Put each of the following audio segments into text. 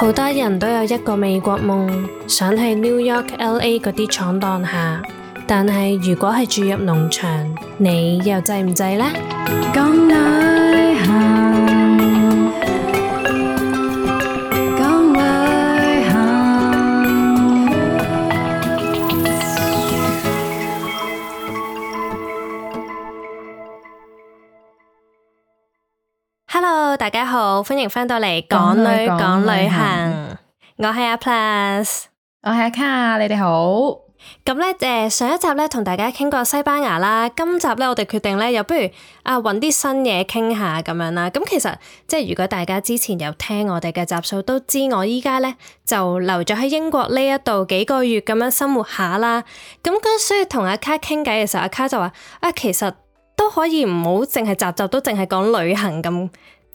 好多人都有一個美國夢，想喺 New York、LA 嗰啲闖蕩下，但係如果係住入農場，你又制唔制呢？歡迎翻到嚟《港女講旅行》旅行，我係阿 Plus，我係阿卡，你哋好。咁咧，誒、呃，上一集咧同大家傾過西班牙啦，今集咧我哋決定咧，又不如啊搵啲新嘢傾下咁樣啦。咁、嗯、其實即係如果大家之前有聽我哋嘅集數，都知我依家咧就留咗喺英國呢一度幾個月咁樣生活下啦。咁、嗯、咁所以同阿卡傾偈嘅時候，阿卡就話啊，其實都可以唔好淨係集集都淨係講旅行咁。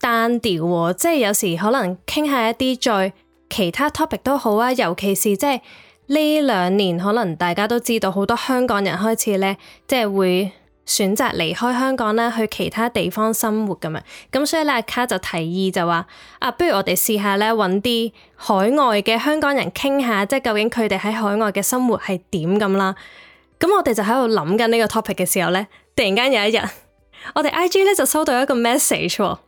單調喎，即係有時可能傾下一啲再其他 topic 都好啊，尤其是即係呢兩年，可能大家都知道好多香港人開始呢，即係會選擇離開香港啦，去其他地方生活咁樣。咁所以咧，阿卡就提議就話啊，不如我哋試下呢，揾啲海外嘅香港人傾下，即係究竟佢哋喺海外嘅生活係點咁啦。咁我哋就喺度諗緊呢個 topic 嘅時候呢，突然間有一日，我哋 I G 咧就收到一個 message 喎、哦。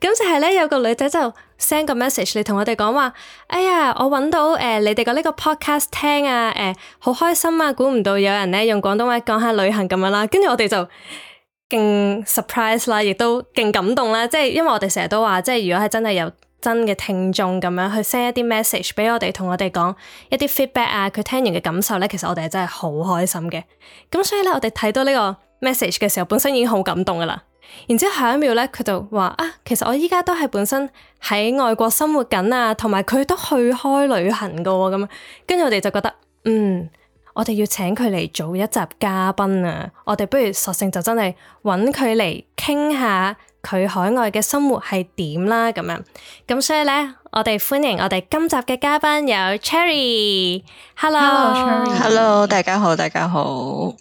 咁就係咧，有個女仔就 send 個 message 嚟同我哋講話，哎呀，我揾到誒、呃，你哋嘅呢個 podcast 聽啊，誒、呃，好開心啊，估唔到有人咧用廣東話講下旅行咁樣啦，跟住我哋就勁 surprise 啦，亦都勁感動啦，即係因為我哋成日都話，即係如果係真係有真嘅聽眾咁樣去 send 一啲 message 俾我哋，同我哋講一啲 feedback 啊，佢聽完嘅感受呢，其實我哋係真係好開心嘅，咁所以呢，我哋睇到呢個 message 嘅時候，本身已經好感動噶啦。然之後下一秒咧，佢就話啊，其實我依家都係本身喺外國生活緊啊，同埋佢都去開旅行噶喎咁。跟住我哋就覺得，嗯，我哋要請佢嚟做一集嘉賓啊，我哋不如索性就真係揾佢嚟傾下佢海外嘅生活係點啦咁樣。咁所以咧，我哋歡迎我哋今集嘅嘉賓有 Cherry。Hello, Hello, Cherry。Hello，Hello，大家好，大家好。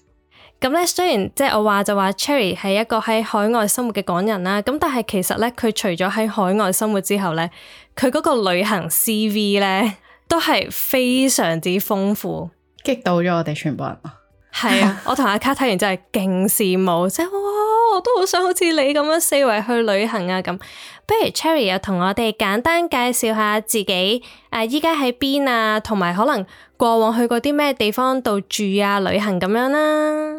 咁咧，雖然即係我話就話 Cherry 係一個喺海外生活嘅港人啦，咁但係其實咧，佢除咗喺海外生活之後咧，佢嗰個旅行 CV 咧都係非常之豐富，激到咗我哋全部人。係 啊，我同阿卡睇完真係勁羨慕，即係哇，我都好想好似你咁樣四圍去旅行啊咁。不如 Cherry 又同我哋簡單介紹下自己，誒，依家喺邊啊，同埋、啊、可能過往去過啲咩地方度住啊、旅行咁樣啦。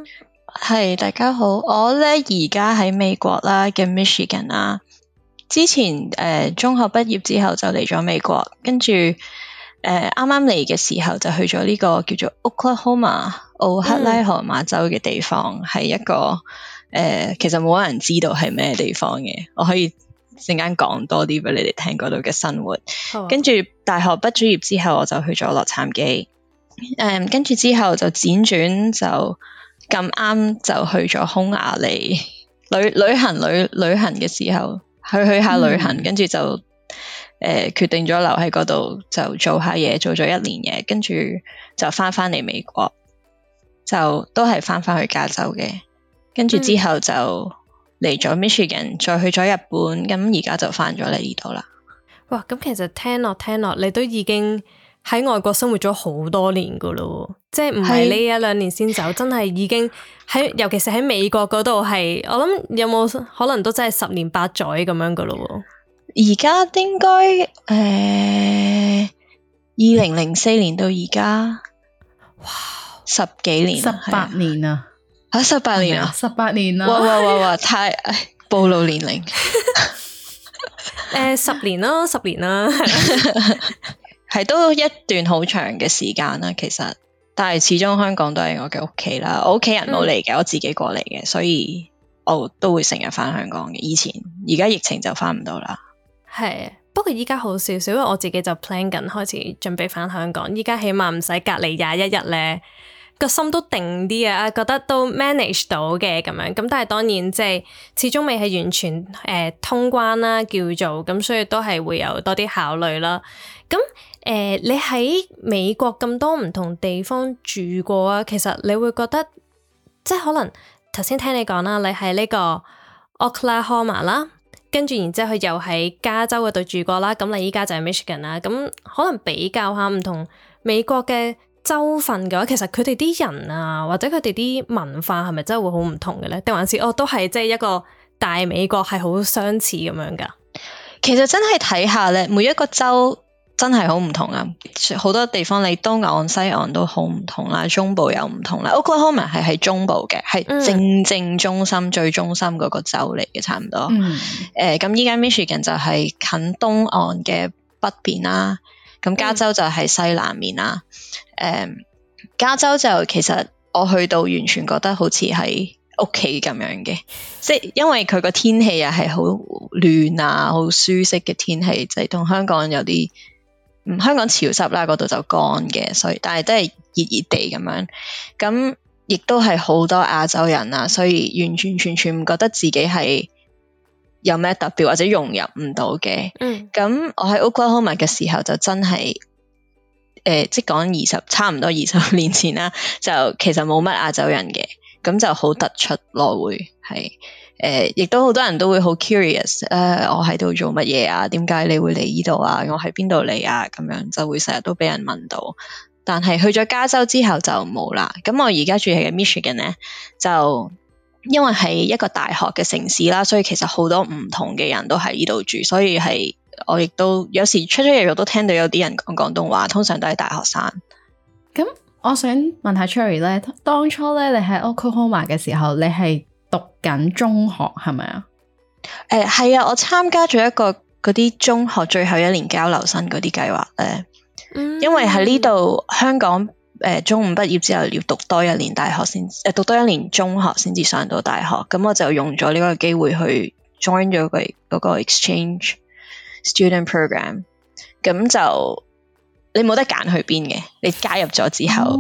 係，大家好，我呢而家喺美國啦，叫 Michigan 啦，之前誒、呃、中學畢業之後就嚟咗美國，跟住。誒啱啱嚟嘅時候就去咗呢個叫做奧、ah、克拉荷馬奧克拉荷馬州嘅地方，係、嗯、一個誒、呃、其實冇人知道係咩地方嘅，我可以陣間講多啲俾你哋聽嗰度嘅生活。哦、跟住大學畢咗業之後，我就去咗洛杉磯，誒、um，跟住之後就輾轉就咁啱就去咗匈牙利旅旅行旅旅行嘅時候去去下旅行，嗯、跟住就。誒、呃，決定咗留喺嗰度就做下嘢，做咗一年嘢，跟住就翻返嚟美國，就都係翻返去加州嘅，跟住之後就嚟咗 Michigan，、嗯、再去咗日本，咁而家就翻咗嚟呢度啦。哇！咁其實聽落聽落，你都已經喺外國生活咗好多年噶咯，即係唔係呢一兩年先走，是真係已經喺，尤其是喺美國嗰度係，我諗有冇可能都真係十年八載咁樣噶咯。而家應該誒二零零四年到而家，哇，十幾年，十八年啊，吓十八年啊，十八年啊，哇哇哇哇，太暴露年齡。誒，十年咯，十年啦，係 都一段好長嘅時間啦。其實，但係始終香港都係我嘅屋企啦。我屋企人冇嚟嘅，嗯、我自己過嚟嘅，所以我都會成日翻香港嘅。以前而家疫情就翻唔到啦。係，不過依家好少少，因為我自己就 plan 緊開始準備返香港。依家起碼唔使隔離廿一日咧，個心都定啲啊，覺得都 manage 到嘅咁樣。咁但係當然即係、就是、始終未係完全誒、呃、通關啦，叫做咁，所以都係會有多啲考慮啦。咁誒、呃，你喺美國咁多唔同地方住過啊，其實你會覺得即係可能頭先聽你講啦，你喺呢個 Oklahoma 啦。跟住，然之後佢又喺加州嗰度住過啦。咁你依家就係 Michigan 啦。咁可能比較下唔同美國嘅州份嘅話，其實佢哋啲人啊，或者佢哋啲文化係咪真係會好唔同嘅呢？定還是哦都係即係一個大美國係好相似咁樣噶？其實真係睇下呢，每一個州。真係好唔同啊！好多地方你東岸、西岸都好唔同啦、啊，中部又唔同啦、啊。Oklahoma 係喺中部嘅，係正正中心、最中心嗰個州嚟嘅，差唔多。誒、嗯，咁依家、uh, Michigan 就係近東岸嘅北邊啦。咁加州就係西南面啦。誒，加州就其實我去到完全覺得好似喺屋企咁樣嘅，即係 因為佢個天氣又係好暖啊，好舒適嘅天氣，就係、是、同香港有啲。嗯，香港潮濕啦，嗰度就乾嘅，所以但係都係熱熱地咁樣，咁亦都係好多亞洲人啦、啊，所以完全完全唔覺得自己係有咩特別或者融入唔到嘅。嗯，咁我喺 Oklahoma 嘅時候就真係，誒、呃，即講二十差唔多二十年前啦，就其實冇乜亞洲人嘅，咁就好突出來回係。嗯誒，亦、呃、都好多人都會好 curious，誒、呃，我喺度做乜嘢啊？點解你會嚟呢度啊？我喺邊度嚟啊？咁樣就會成日都俾人問到。但係去咗加州之後就冇啦。咁、嗯、我而家住喺 Michigan 咧，就因為係一個大學嘅城市啦，所以其實好多唔同嘅人都喺呢度住，所以係我亦都有時出出入入都聽到有啲人講廣東話，通常都係大學生。咁、嗯、我想問下 Cherry 咧，當初咧你喺 Oklahoma 嘅時候，你係？讀緊中學係咪啊？誒係、呃、啊，我參加咗一個嗰啲中學最後一年交流生嗰啲計劃咧，因為喺呢度香港誒、呃，中五畢業之後要讀多一年大學先，誒、呃、讀多一年中學先至上到大學，咁、嗯、我就用咗呢個機會去 join 咗佢、嗯、個 exchange student program，咁、嗯嗯、就。你冇得揀去邊嘅，你加入咗之後，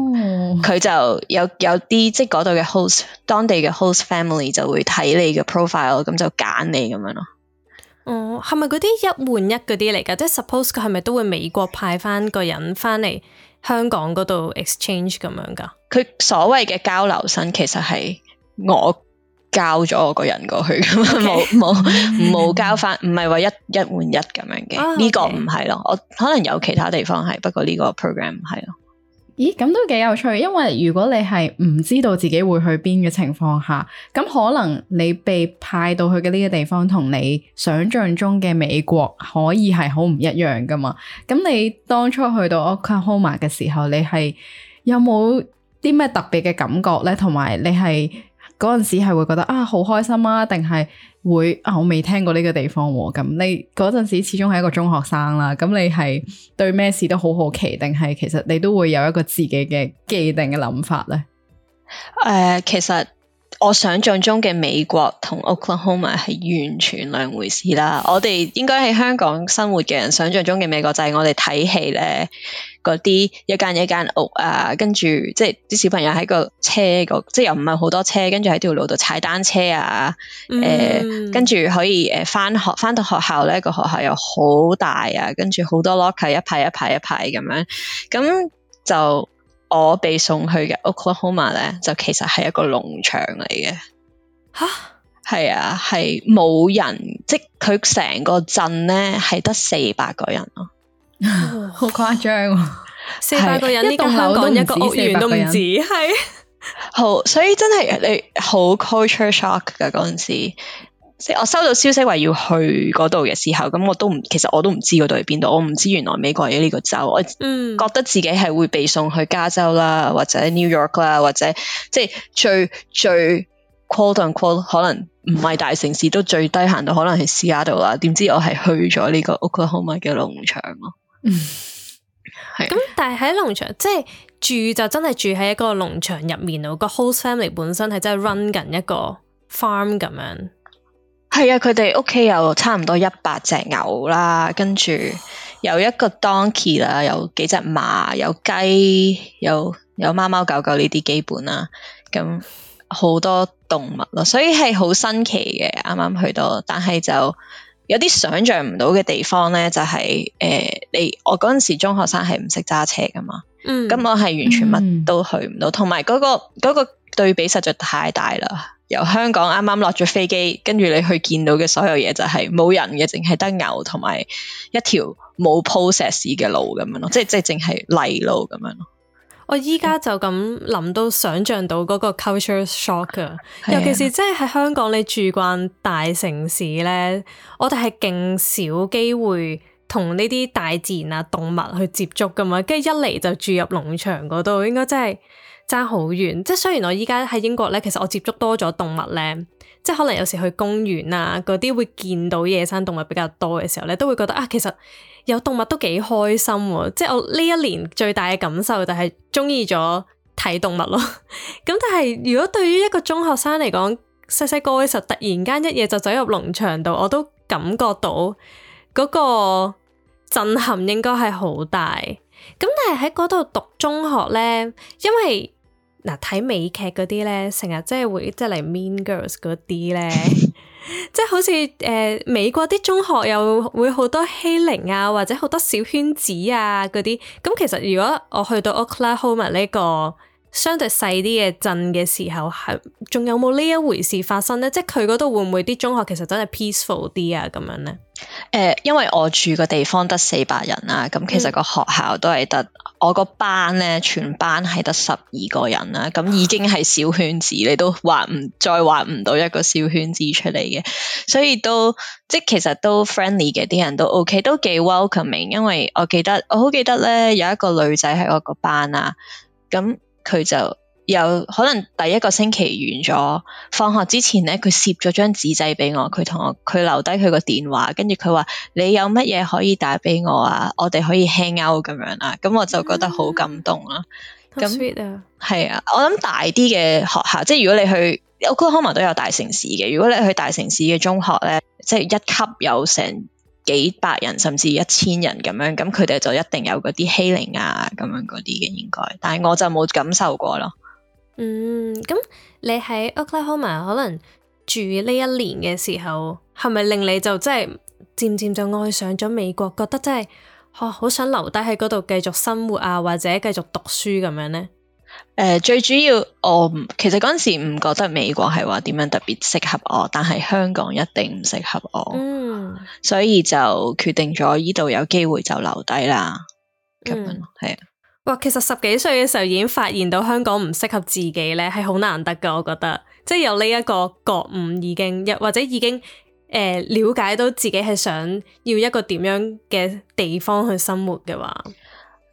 佢、oh. 就有有啲即係嗰度嘅 host，當地嘅 host family 就會睇你嘅 profile，咁就揀你咁樣咯。哦、嗯，係咪嗰啲一換一嗰啲嚟噶？即係 suppose 佢係咪都會美國派翻個人翻嚟香港嗰度 exchange 咁樣噶？佢所謂嘅交流生，其實係我。交咗我個人過去，冇冇冇交翻，唔係話一一換一咁樣嘅，呢、oh, okay. 個唔係咯。我可能有其他地方係，不過呢個 program 唔係咯。咦，咁都幾有趣，因為如果你係唔知道自己會去邊嘅情況下，咁可能你被派到去嘅呢個地方，同你想象中嘅美國可以係好唔一樣噶嘛。咁你當初去到 Oklahoma 嘅時候，你係有冇啲咩特別嘅感覺咧？同埋你係。嗰陣時係會覺得啊好開心啊，定係會啊我未聽過呢個地方喎，啊。咁你嗰陣時始終係一個中學生啦，咁你係對咩事都好好奇，定係其實你都會有一個自己嘅既定嘅諗法呢？誒，呃，其實我想象中嘅美國同 Oklahoma 係完全兩回事啦。我哋應該喺香港生活嘅人想象中嘅美國就係我哋睇戲咧。嗰啲一間一間屋啊，跟住即係啲小朋友喺個車個，即係又唔係好多車，跟住喺條路度踩單車啊，誒、嗯呃，跟住可以誒翻、呃、學翻到學校咧，個學校又好大啊，跟住好多 locker 一排一排一排咁樣，咁就我被送去嘅 Oklahoma 咧，就其實係一個農場嚟嘅，吓哈，係啊，係冇人，即佢成個鎮咧係得四百個人咯、啊。好誇張， 四百個人，呢棟樓同一個屋苑都唔止，係是 好，所以真係你好 culture shock 噶嗰陣時，我收到消息話要去嗰度嘅時候，咁我都唔，其實我都唔知嗰度係邊度，我唔知原來美國係呢個州，我覺得自己係會被送去加州啦，或者 New York 啦，或者即係最最 quote unquote 可能唔係大城市都最低限度可能係西雅圖啦，點知我係去咗呢個 Oklahoma 嘅農場咯。嗯，係。咁但係喺農場，即係住就真係住喺一個農場入面咯。個 host family 本身係真係 run 緊一個 farm 咁樣。係啊，佢哋屋企有差唔多一百隻牛啦，跟住有一個 donkey 啦，有幾隻馬，有雞，有有貓貓狗狗呢啲基本啦，咁好多動物咯，所以係好新奇嘅。啱啱去到，但係就。有啲想象唔到嘅地方咧，就係、是、誒、呃、你我嗰陣時中學生係唔識揸車㗎嘛，嗯，咁我係完全乜都去唔到，同埋嗰個嗰、那個、對比實在太大啦。由香港啱啱落咗飛機，跟住你去見到嘅所有嘢就係冇人嘅，淨係得牛同埋一條冇鋪石屎嘅路咁樣咯，即係即係淨係泥路咁樣咯。我依家就咁諗都想像到嗰個 culture shock 啊，的尤其是即係喺香港你住慣大城市咧，我哋係勁少機會同呢啲大自然啊動物去接觸噶嘛，跟住一嚟就住入農場嗰度，應該真係爭好遠。即係雖然我依家喺英國咧，其實我接觸多咗動物咧。即係可能有時去公園啦、啊，嗰啲會見到野生動物比較多嘅時候咧，都會覺得啊，其實有動物都幾開心喎。即係我呢一年最大嘅感受就係中意咗睇動物咯。咁 但係如果對於一個中學生嚟講，細細個嘅時候突然間一夜就走入農場度，我都感覺到嗰個震撼應該係好大。咁但係喺嗰度讀中學呢，因為，嗱，睇、啊、美劇嗰啲咧，成日即係會即係嚟 mean girls 嗰啲咧， 即係好似誒、呃、美國啲中學又會好多欺凌啊，或者好多小圈子啊嗰啲。咁其實如果我去到 Oklahoma 呢個相對細啲嘅鎮嘅時候，係仲有冇呢一回事發生咧？即係佢嗰度會唔會啲中學其實真係 peaceful 啲啊？咁樣咧？誒、呃，因為我住個地方得四百人啦，咁其實個學校都係得。嗯我個班咧，全班係得十二個人啦，咁已經係小圈子，你都劃唔再劃唔到一個小圈子出嚟嘅，所以都即係其實都 friendly 嘅，啲人都 OK，都幾 welcoming。因為我記得，我好記得咧，有一個女仔喺我個班啊，咁佢就。又可能第一個星期完咗，放學之前咧，佢攝咗張紙仔俾我，佢同我佢留低佢個電話，跟住佢話：「你有乜嘢可以打俾我啊？我哋可以 hang out 咁樣啊。」咁我就覺得好感動啦。咁係、嗯、那啊，我諗大啲嘅學校，即係如果你去，我覺得香港都有大城市嘅。如果你去大城市嘅中學咧，即係一級有成幾百人，甚至一千人咁樣，咁佢哋就一定有嗰啲欺凌啊，咁樣嗰啲嘅應該。但係我就冇感受過咯。嗯，咁你喺 Oklahoma 可能住呢一年嘅時候，係咪令你就真係漸漸就愛上咗美國，覺得真係哦、好想留低喺嗰度繼續生活啊，或者繼續讀書咁樣呢？誒、呃，最主要我其實嗰陣時唔覺得美國係話點樣特別適合我，但係香港一定唔適合我，嗯，所以就決定咗呢度有機會就留低啦，係啊。嗯哇，其實十幾歲嘅時候已經發現到香港唔適合自己咧，係好難得噶。我覺得即係有呢一個覺悟，已經又或者已經誒、呃、了解到自己係想要一個點樣嘅地方去生活嘅話，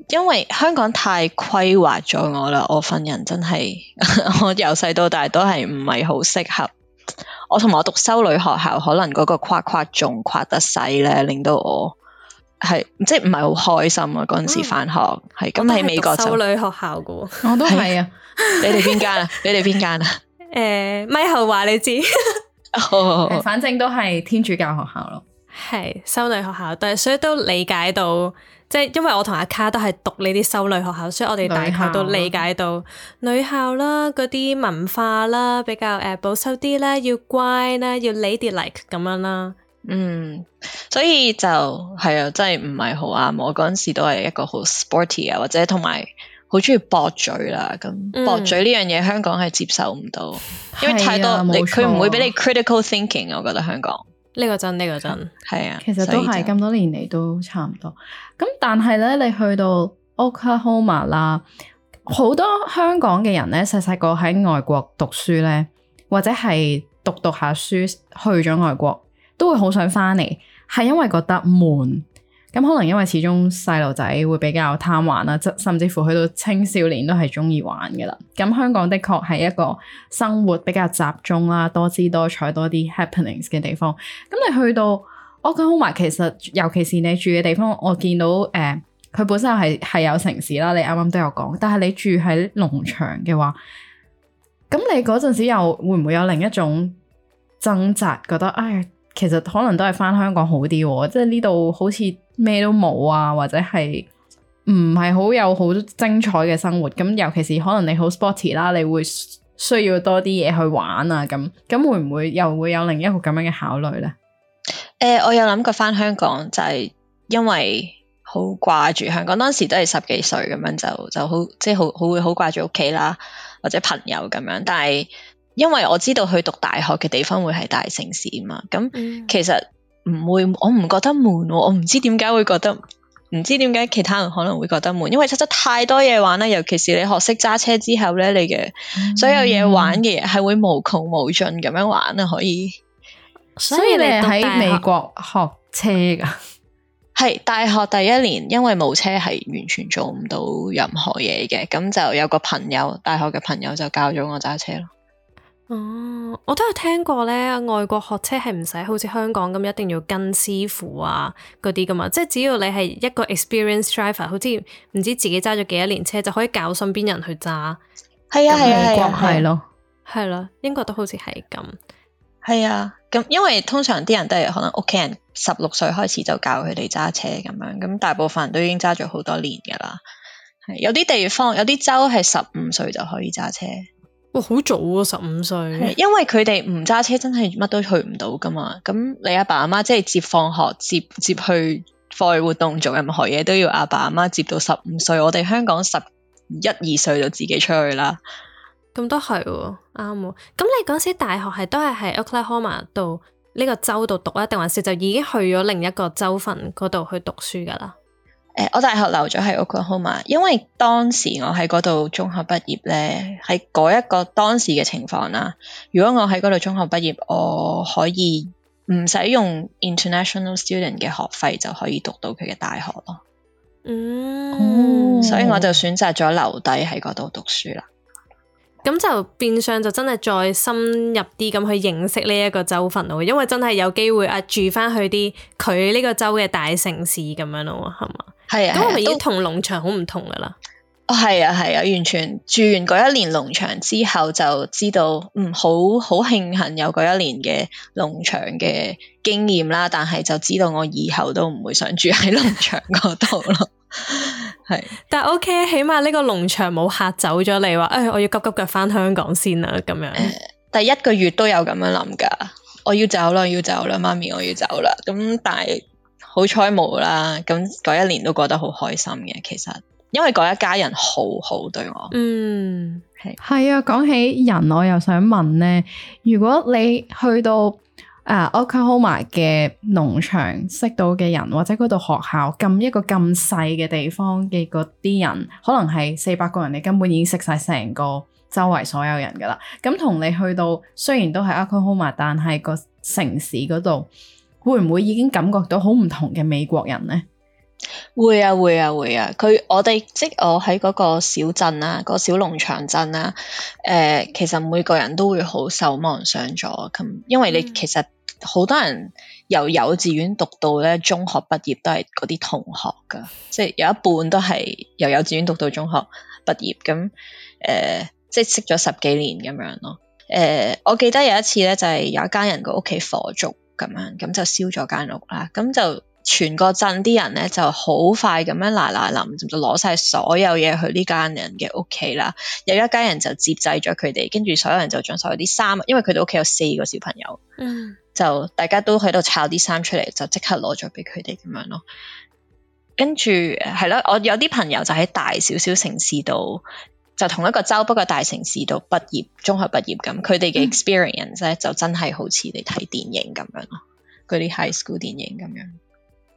因為香港太規劃咗我啦。我份人真係， 我由細到大都係唔係好適合。我同埋我讀修女學校，可能嗰個框框仲框得細咧，令到我。係，即係唔係好開心啊！嗰陣時返學係咁喺美國修女學校噶，我都係啊！你哋邊間啊？你哋邊間啊？誒、 呃，咪後話你知， oh, 反正都係天主教學校咯。係修女學校，但係所以都理解到，即、就、係、是、因為我同阿卡都係讀呢啲修女學校，所以我哋大概都理解到女校啦，嗰啲文化啦，比較誒保守啲啦，要乖啦，要 ladylike 咁樣啦。嗯，所以就係啊，真係唔係好啱我嗰陣時都係一個好 sporty 啊，或者同埋好中意駁嘴啦咁。駁嘴呢樣嘢香港係接受唔到，因為太多、啊、你佢唔會俾你 critical thinking，我覺得香港呢個真呢、呢個真係、嗯、啊。其實都係咁多年嚟都差唔多。咁但係咧，你去到 Oklahoma 啦，好多香港嘅人咧，細細個喺外國讀書咧，或者係讀讀下書去咗外國。都會好想翻嚟，係因為覺得悶，咁可能因為始終細路仔會比較貪玩啦，即甚至乎去到青少年都係鍾意玩嘅啦。咁香港的確係一個生活比較集中啦、多姿多彩、多啲 happenings 嘅地方。咁你去到屋邨好埋，其實尤其是你住嘅地方，我見到誒，佢、呃、本身係係有城市啦。你啱啱都有講，但係你住喺農場嘅話，咁你嗰陣時又會唔會有另一種掙扎，覺得唉？哎其實可能都係返香港好啲，啊，即係呢度好似咩都冇啊，或者係唔係好有好精彩嘅生活。咁尤其是可能你好 sporty 啦，你會需要多啲嘢去玩啊。咁咁會唔會又會有另一個咁樣嘅考慮呢？誒、呃，我有諗過返香港，就係、是、因為好掛住香港。當時都係十幾歲咁樣，就就好即係好好會好掛住屋企啦，或者朋友咁樣。但係因為我知道去讀大學嘅地方會係大城市啊嘛，咁其實唔會，我唔覺得悶、哦。我唔知點解會覺得，唔知點解其他人可能會覺得悶，因為真係太多嘢玩啦。尤其是你學識揸車之後咧，你嘅所有嘢玩嘅嘢係會無窮無盡咁樣玩啊！可以，嗯、所以你喺美國學車噶？係 大學第一年，因為冇車係完全做唔到任何嘢嘅，咁就有個朋友，大學嘅朋友就教咗我揸車咯。哦，我都有聽過咧，外國學車係唔使好似香港咁一定要跟師傅啊嗰啲噶嘛，即係只要你係一個 experience driver，好似唔知自己揸咗幾多年車就可以教身邊人去揸。係啊係啊係咯，係咯，係啊，英國都好似係咁。係啊，咁因為通常啲人都係可能屋企人十六歲開始就教佢哋揸車咁樣，咁大部分人都已經揸咗好多年噶啦。係有啲地方有啲州係十五歲就可以揸車。哇，好、哦、早啊！十五歲， 因為佢哋唔揸車，真係乜都去唔到噶嘛。咁你阿爸阿媽即係接放學、接接去課外活動做任何嘢，都要阿爸阿媽接到十五歲。我哋香港十一二歲就自己出去啦。咁、 嗯、都係啱。咁、哦、你嗰時大學係都係喺 Oklahoma 度呢個州度讀啊，定還是就已經去咗另一個州份嗰度去讀書噶啦？欸，我大學留咗喺 Oklahoma，因為當時我喺嗰度中學畢業咧，喺嗰一個當時嘅情況啦。如果我喺嗰度中學畢業，我可以唔使用 international student 嘅學費就可以讀到佢嘅大學咯。嗯，哦，所以我就選擇咗留底喺嗰度讀書啦。咁，嗯，就變相就真係再深入啲咁去認識呢一個州份咯。因為真係有機會啊，住翻去啲佢呢個州嘅大城市咁樣咯，係嘛？係啊，都同農場好唔同噶啦。哦，係啊，係啊，完全住完嗰一年農場之後，就知道嗯，好好慶幸有嗰一年嘅農場嘅經驗啦。但係就知道我以後都唔會想住喺農場嗰度咯。係 是，但係 O K，起碼呢個農場冇嚇走咗你話，誒，我要急急腳翻香港先啦咁樣。第一個月都有咁樣諗噶，我要走啦，我要走啦，媽咪，我要走啦。咁但係。好彩冇啦，咁嗰一年都過得好開心嘅。其實，因為嗰一家人好好對我。嗯，係係啊，講起人，我又想問呢，如果你去到啊 Oklahoma 嘅農場識到嘅人，或者嗰度學校咁一個咁細嘅地方嘅嗰啲人，可能係四百個人，你根本已經識晒成個周圍所有人噶啦。咁同你去到，雖然都係 Oklahoma，但係個城市嗰度。會唔會已經感覺到好唔同嘅美國人呢？會啊會啊會啊！佢、啊、我哋即我喺嗰個小鎮啦，嗰個小農場鎮啊，誒、呃，其實每個人都會好受望上咗咁，因為你、嗯、其實好多人由幼稚園讀到咧中學畢業都係嗰啲同學噶，即係有一半都係由幼稚園讀到中學畢業咁，誒、呃，即係識咗十幾年咁樣咯。誒、呃，我記得有一次咧，就係有一家人個屋企火燭。咁樣，咁就燒咗間屋啦。咁就全個鎮啲人咧，就好快咁樣嗱嗱臨就攞晒所有嘢去呢間人嘅屋企啦。有一家人就接濟咗佢哋，跟住所有人就將所有啲衫，因為佢哋屋企有四個小朋友，嗯、就大家都喺度抄啲衫出嚟，就即刻攞咗俾佢哋咁樣咯。跟住係咯，我有啲朋友就喺大少少城市度。就同一個州，不過大城市度畢業，中學畢業咁，佢哋嘅 experience 咧就真係好似你睇電影咁樣咯，嗰啲 high school 電影咁樣。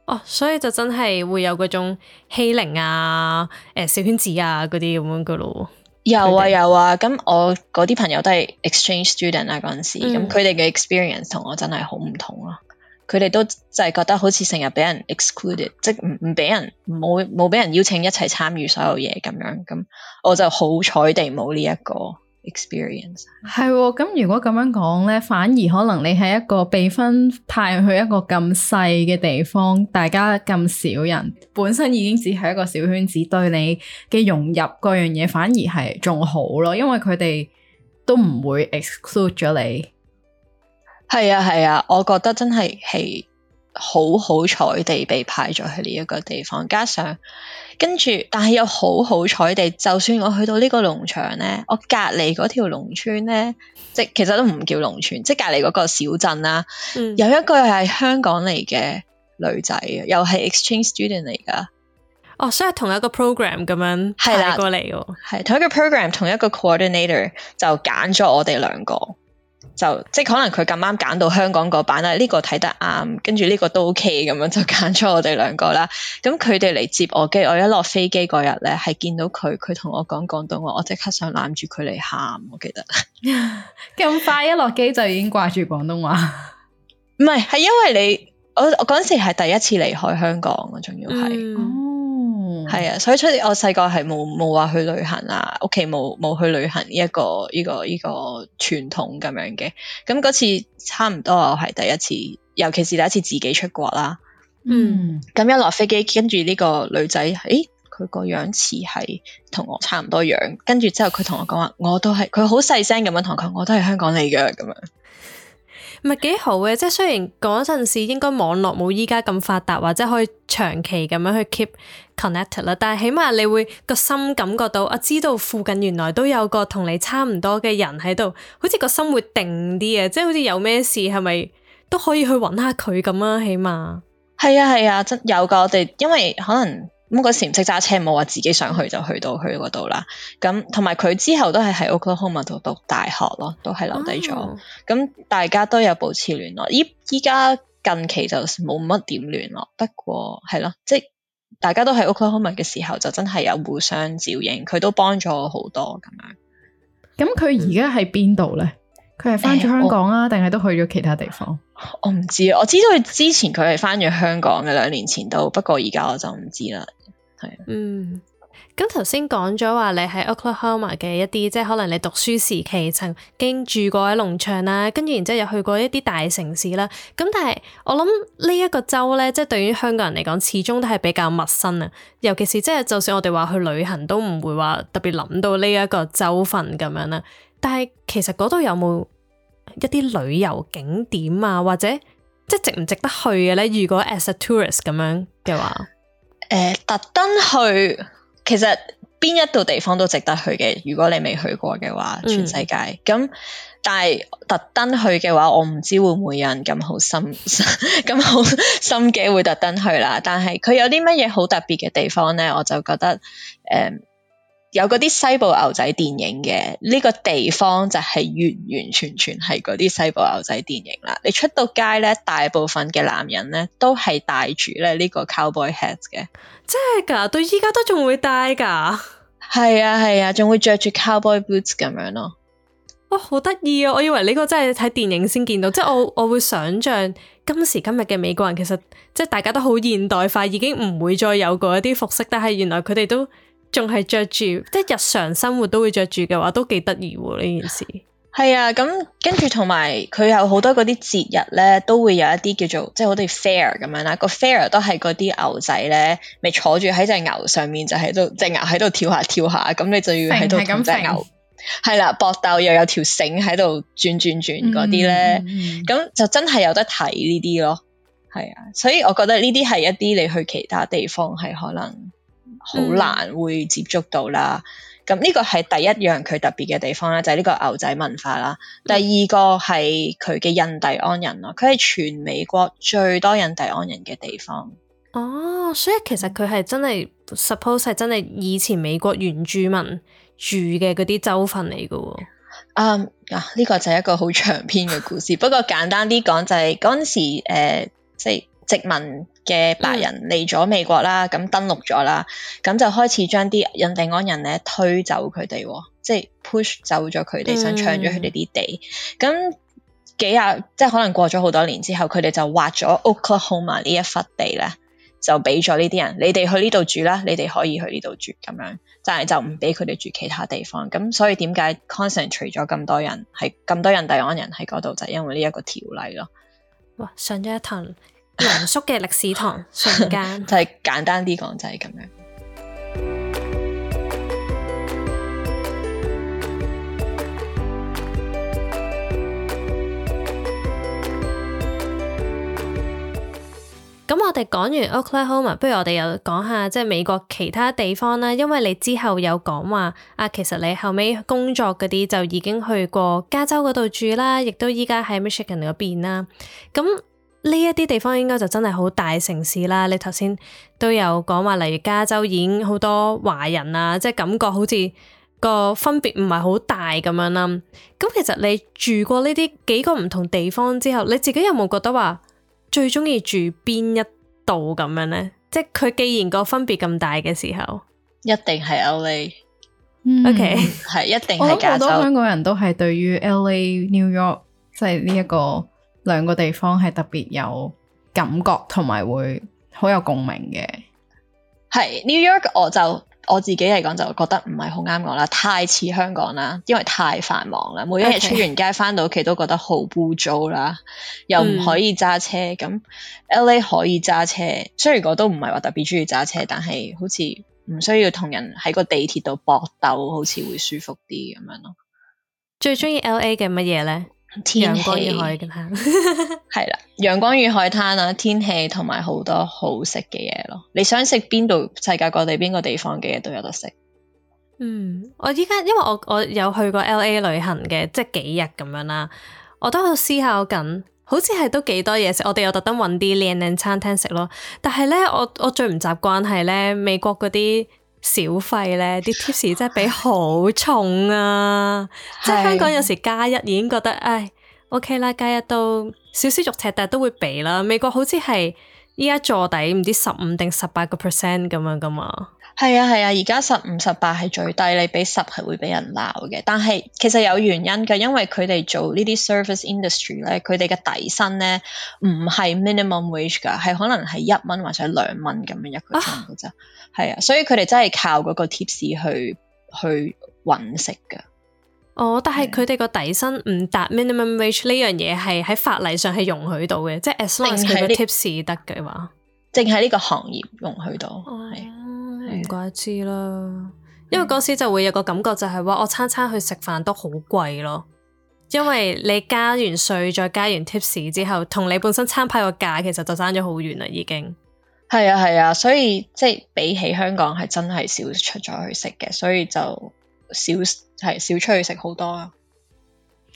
哦，所以就真係會有嗰種欺凌啊，誒、呃，小圈子啊，嗰啲咁樣噶咯、啊。有啊有啊，咁我嗰啲朋友都係 exchange student 啊，嗰陣時，咁佢哋、嗯、嘅 experience 同我真係好唔同咯、啊。佢哋都就係覺得好似成日俾人 excluded，即係唔唔俾人冇冇俾人邀請一齊參與所有嘢咁樣。咁我就好彩地冇呢一個 experience。係，咁如果咁樣講咧，反而可能你係一個被分派去一個咁細嘅地方，大家咁少人，本身已經只係一個小圈子，對你嘅融入各樣嘢反而係仲好咯，因為佢哋都唔會 exclude 咗你。係啊，係啊，我覺得真係係好好彩地被派咗去呢一個地方，加上跟住，但係又好好彩地，就算我去到呢個農場咧，我隔籬嗰條農村咧，即其實都唔叫農村，即係隔籬嗰個小鎮啦、啊，嗯、有一個係香港嚟嘅女仔，又係 exchange student 嚟噶，哦，所以係同一個 program 咁樣派過嚟，係、啊、同一個 program，me, 同一個 coordinator 就揀咗我哋兩個。就即係可能佢咁啱揀到香港嗰版啦，呢個睇得啱，跟住呢個都 OK 咁樣就揀咗我哋兩個啦。咁佢哋嚟接我機，我一落飛機嗰日咧係見到佢，佢同我講廣東話，我即刻想攬住佢嚟喊，我記得咁 快一落機就已經掛住廣東話，唔係，係因為你，我我嗰陣時係第一次離開香港，我仲要係。嗯係啊，所以出嚟我細個係冇冇話去旅行啊，屋企冇冇去旅行呢一個呢個呢個傳統咁樣嘅。咁嗰次差唔多我係第一次，尤其是第一次自己出國啦。嗯，咁一落飛機，跟住呢個女仔，誒，佢個樣似係同我差唔多樣。跟住之後佢同我講話，我都係，佢好細聲咁樣同我講，我都係香港嚟嘅咁樣。唔係幾好嘅，即係雖然嗰陣時應該網絡冇依家咁發達，或者可以長期咁樣去 keep connected 啦。但係起碼你會個心感覺到，我知道附近原來都有個同你差唔多嘅人喺度，好似個心會定啲啊！即係好似有咩事係咪都可以去揾下佢咁啊？起碼係啊係啊，真啊有噶！我哋因為可能。咁嗰、嗯、時唔識揸車，冇話自己想去就去到去嗰度啦。咁同埋佢之後都係喺 Oklahoma 度讀大學咯，都係留低咗。咁、啊嗯、大家都有保持聯絡。依依家近期就冇乜點聯絡，不過係咯，即大家都喺 Oklahoma 嘅時候就真係有互相照應，佢都幫咗我好多咁樣。咁佢而家喺邊度咧？佢係翻咗香港啊？定係、呃、都去咗其他地方？我唔知，我知道佢之前佢係翻咗香港嘅，兩年前都。不過而家我就唔知啦。嗯，咁頭先講咗話你喺 Oklahoma 嘅一啲，即係可能你讀書時期曾經住過喺農場啦、啊，跟住然之後又去過一啲大城市啦、啊。咁但係我諗呢一個州呢，即係對於香港人嚟講，始終都係比較陌生啊。尤其是即係，就算我哋話去旅行，都唔會話特別諗到呢一個州份咁樣啦。但係其實嗰度有冇一啲旅遊景點啊，或者即係值唔值得去嘅呢？如果 as a tourist 咁樣嘅話。 誒、呃、特登去，其實邊一度地方都值得去嘅。如果你未去過嘅話，全世界咁，嗯、但係特登去嘅話，我唔知會唔會有人咁好心，咁 好心機會特登去啦。但係佢有啲乜嘢好特別嘅地方咧，我就覺得誒。呃有嗰啲西部牛仔電影嘅呢個地方就係完完全全係嗰啲西部牛仔電影啦。你出到街咧，大部分嘅男人咧都係戴住咧呢個 cowboy hat 嘅。真係噶，到依家都仲會戴噶。係啊係啊，仲會着住 cowboy boots 咁樣咯。哇，好得意啊！我以為呢個真係睇電影先見到，即係我我會想象今時今日嘅美國人其實即係大家都好現代化，已經唔會再有過一啲服飾，但係原來佢哋都。仲係着住，即係日常生活都會着住嘅話，都幾得意喎呢件事。係啊，咁跟住同埋佢有好多嗰啲節日咧，都會有一啲叫做即係好似 fair 咁樣啦。個 fair 都係嗰啲牛仔咧，咪坐住喺隻牛上面，就喺度隻牛喺度跳下跳下，咁你就要喺度同隻牛係啦搏鬥，又有條繩喺度轉轉轉嗰啲咧，咁、嗯嗯、就真係有得睇呢啲咯。係啊，所以我覺得呢啲係一啲你去其他地方係可能。好難會接觸到啦，咁呢個係第一樣佢特別嘅地方啦，就係、是、呢個牛仔文化啦。第二個係佢嘅印第安人咯，佢係全美國最多印第安人嘅地方。哦，所以其實佢係真係、嗯、suppose 係真係以前美國原住民住嘅嗰啲州份嚟㗎、哦。嗯、um，啊，嗱、這、呢個就係一個好長篇嘅故事， 不過簡單啲講就係嗰陣時誒、呃，即係殖民。嘅白人嚟咗美國啦，咁、嗯、登陸咗啦，咁就開始將啲印第安人咧推走佢哋，即係 push 走咗佢哋，想搶咗佢哋啲地。咁、嗯、幾廿即係可能過咗好多年之後，佢哋就劃咗 Oklahoma 呢一忽地咧，就俾咗呢啲人，你哋去呢度住啦，你哋可以去呢度住咁樣，但係就唔俾佢哋住其他地方。咁所以點解 concentrate 咗咁多人係咁多印第安人喺嗰度，就係、因為呢一個條例咯。哇，上咗一層。濃縮嘅歷史堂瞬 間， 就係簡單啲講就係、是、咁樣。咁、嗯、我哋講完 Oklahoma，不如我哋又講下即係美國其他地方啦。因為你之後有講話啊，其實你後尾工作嗰啲就已經去過加州嗰度住啦，亦都依家喺 Michigan 嗰邊啦。咁、嗯呢一啲地方應該就真係好大城市啦。你頭先都有講話，例如加州已經好多華人啊，即係感覺好似個分別唔係好大咁樣啦。咁其實你住過呢啲幾個唔同地方之後，你自己有冇覺得話最中意住邊一度咁樣呢？即係佢既然個分別咁大嘅時候，一定係 LA。嗯、OK，係 一定。我諗好多香港人都係對於 LA、New York 即係呢一個，兩個地方係特別有感覺，同埋會好有共鳴嘅。係 New York，我就我自己嚟講就覺得唔係好啱我啦，太似香港啦，因為太繁忙啦，每一日出完街翻到屋企都覺得好污糟啦，Okay. 又唔可以揸車。咁 L A 可以揸車，雖然我都唔係話特別中意揸車，但係好似唔需要同人喺個地鐵度搏鬥，好似會舒服啲咁樣咯。最中意 L A 嘅乜嘢呢？天陽光天氣係啦，陽光與海灘啦，啊，天氣同埋好多好食嘅嘢咯。你想食邊度？世界各地邊個地方嘅嘢都有得食。嗯，我依家因為我我有去過 L. A. 旅行嘅，即係幾日咁樣啦，我都有思考緊，好似係都幾多嘢食。我哋又特登揾啲靚靚餐廳食咯，但係咧，我我最唔習慣係咧美國嗰啲。小費咧，啲 tips 真係俾好重啊！ 即係香港有時加一已經覺得，唉，OK 啦，加一都少少肉赤，但係都會俾啦。美國好似係依家坐底唔知十五定十八個 percent 咁樣噶嘛。係啊係啊，而家十五十八係最低，你俾十係會俾人鬧嘅。但係其實有原因㗎，因為佢哋做呢啲 service industry 咧，佢哋嘅底薪咧唔係 minimum wage 㗎，係可能係一蚊或者兩蚊咁樣一個鐘啫。係啊，啊，所以佢哋真係靠嗰個 tips 去去揾食㗎。哦，但係佢哋個底薪唔達 minimum wage 呢樣嘢係喺法例上係容許到嘅，即係 as long 佢個 tips 得嘅話，淨係呢個行業容許到。唔怪知啦，因為嗰時就會有個感覺就係、是、話，我餐餐去食飯都好貴咯，因為你加完稅再加完 tips 之後，同你本身餐牌個價其實就差咗好遠啦，已經。係啊係啊，所以即係比起香港係真係少出咗去食嘅，所以就少係少出去食好多、啊。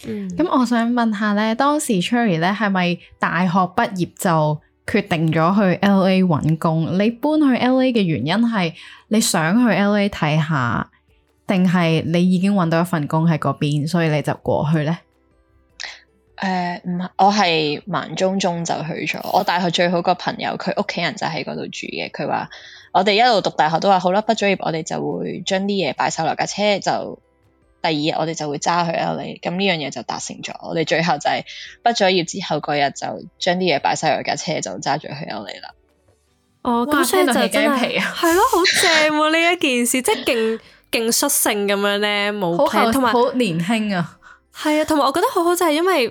嗯，咁我想問下呢，當時 Cherry 呢係咪大學畢業就？決定咗去 LA 揾工，你搬去 LA 嘅原因係你想去 LA 睇下，定係你已經揾到一份工喺嗰邊，所以你就過去呢？誒，唔係，我係盲中中就去咗。我大學最好個朋友，佢屋企人就喺嗰度住嘅。佢話我哋一路讀大學都話好啦，畢咗業我哋就會將啲嘢擺晒落架車就。第二日我哋就會揸去歐里，咁呢樣嘢,就達成咗。我哋最後就係畢咗業之後嗰日就將啲嘢擺晒喺架車，就揸住去歐里啦。哦，咁所以就係真係，係咯， 好正呢一件事，即係勁勁率性咁樣咧，冇同埋好年輕啊。係啊，同埋我覺得好好就係因為